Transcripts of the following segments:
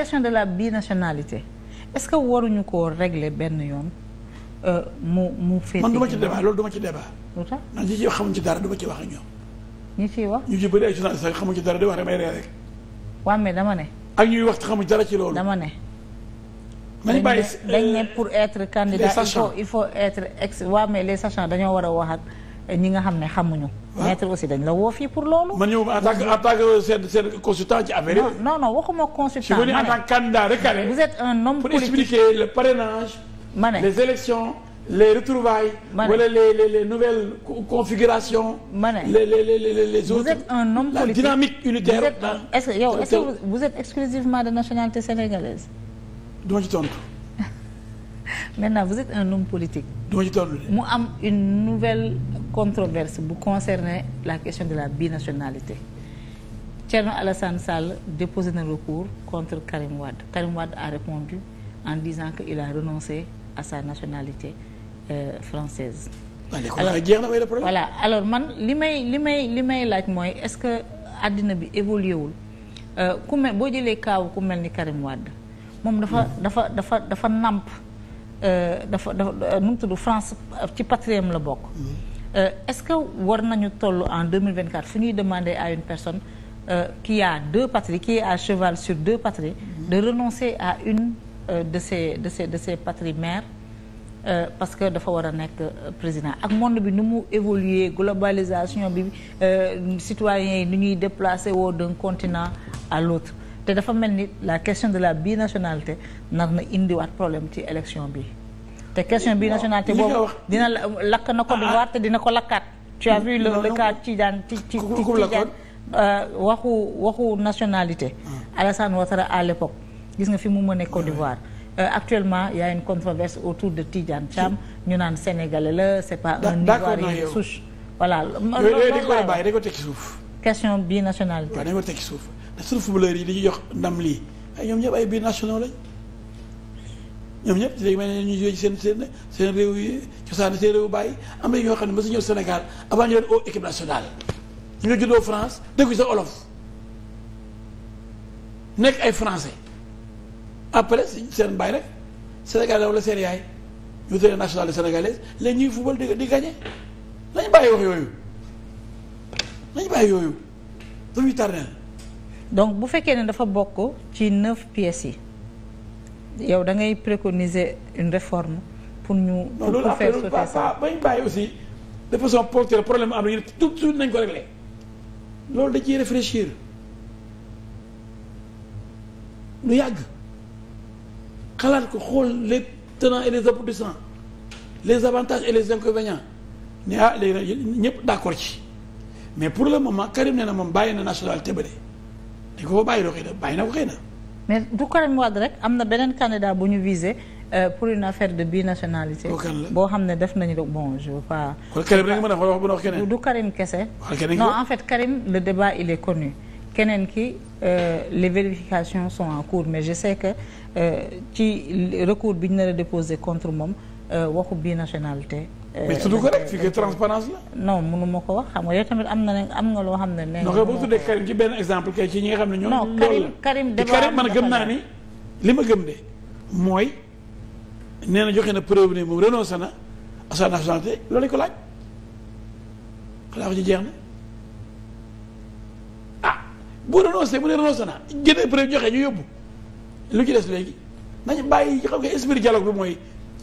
question de la nationalité est-ce que waruñu ko régle benn yoon euh, mu mu. féete man du ma ci débat loolu du ci débat. lu tax man ñi ci dara du ma ci wax ak ñoom. ñi ciy wax ñu ci bëri ay xamuñ ci dara di wax damay ree rek. waaw mais dama ne. ak ñuy wax xamuñ dara ci loolu. dama ne. nañu bàyyi dañ ne pour être candidat il faut faut être ex waaw mais les sachants dañoo war a wax waxaat. ñi nga xam ne xamuñu. Ah. maître aussi dañ la woo fii pour loolu. man ñëw en tant que en tant que seen seen consultant ci affaire yi. non non waxuma consultant. ma ne je suis venu en tant que candidat recalé. vous êtes un homme politique le parrainage. les élections les retrouvailles. ma ne wala les les les nouvelles configurations. ma ne les les les les autres. vous êtes un homme politique la dynamique unitaire. est ce que yow est vous êtes exclusivement de nationalité sénégalaise. duma ci tontu. maintenant vous êtes un homme politique. duma ci tontu mu am une nouvelle. controverse bu concerner la question de la binationalité Thierno Alassane Sall déposé un recours contre Karim Wade Karim Wade a répondu en disant que il a renoncé à sa nationalité euh, française ah, alors voilà alors man li may li may li may laaj mooy est-ce que àddina bi évolué wul euh, ku mel boo jëlee kaaw ku mel ni Karim Wade moom dafa dafa dafa dafa nàmp euh, dafa dafa euh, France ci patriote la bokk mm-hmm. Euh, est-ce que war nañu toll en 2024 fu ñuy demander à une personne euh, qui a deux patries qui est à cheval sur deux patries de renoncer à une euh, de ses de ses de ses patries mères parce que dafa war a nekk président ak monde bi nu mu évoluer globalisation bi euh, citoyens yi ni ñuy déplacé woo d'un continent à l'autre te dafa mel ni la question de la binationalité nag na indiwaat problème ci élection bi te question binationalité boobu dina lakk na Côte ah. d'Ivoire te dina ko lakkaat. tu as vu le ci ci Tidjane waxu waxu nationalité. Ah. Alassane Ouattara à l'époque gis nga fi mu mënee Côte d'Ivoire. Euh, actuellement il y a une controverse autour de Tidjane Thiam ñu naan sénégalais la c'est pas un Ivoirien souche. voilà loolu ko bàyyi dañ ko teg ci suuf. question binationalité. waaw dañ ko teg ci suuf te suñu footballeur yi dañuy jox ndam lii ñoom ñëpp ay binationaux lañ. ñoom ñëpp léegi mel ne ñu jógee ci seen seen seen réew yi cosaan seen réew bàyyi am na ñoo xam ne mësu ñëw Sénégal avant o doon équipe nationale ñu ngi juddoo France dégg sa olof nekk ay français après seen bàyyi rek Sénégal wala seen yaay ñu tëddee nationale sénégalaise léegi ñuy football di di gagné nañu bàyyi wax yooyu nañu bàyyi yooyu dañuy tardé. donc bu fekkee ne dafa bokk ci neuf pièces yi. yow da ngay préconiser une réforme pour ñu. pour loolu après loolu pas bañ bàyyi aussi de façon ponctuelle problème am na yéen tout de suite nañ ko réglé loolu da ciy réfléchir lu yàgg xalaat ko xool les tenants et les aboutissants les avantages et les inconvénients ne ah léegi nag ñëpp d'accord ci mais pour le moment Karim nee na moom bàyyi na nationalité ba de dañ ko bàyyi loo xëy na bàyyi na ko xëy na. mais du Karim Wade rek am na beneen candidat bu ñu visé euh, pour une affaire de bi binationalité. boo xam ne def nañu bon je veux pas. kon Karim rek mën a du Karim kese. non en fait Karim le débat il est connu. keneen ki euh, les vérifications sont en cours mais je sais que euh, ci recours bi ñu ne a déposé contre moom waxu binationalité. Euh, mais tudd ko rek fii que transparence la. non mënu ko wax xam nga yow tamit am na am nga loo xam ne. nee nga boo tuddee Karim ci benn exemple kay ci ñi nga xam ne. ñoo loolu la Karim Karim Karim man gëm naa ni. li ma gëm de mooy nee na joxe na preuve ne moom renoncé na à sa nationalité ko laaj ji jeex na ah bu renoncé mu ne renoncé naa génnee preuve joxe ñu yóbbu lu ci des léegi nañu bàyyi xam nga esprit dialogue bi mooy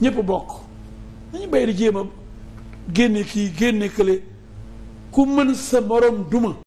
ñëpp bokk. dañu bàyyi di jéem a génne kii génne kële ku mën sa morom duma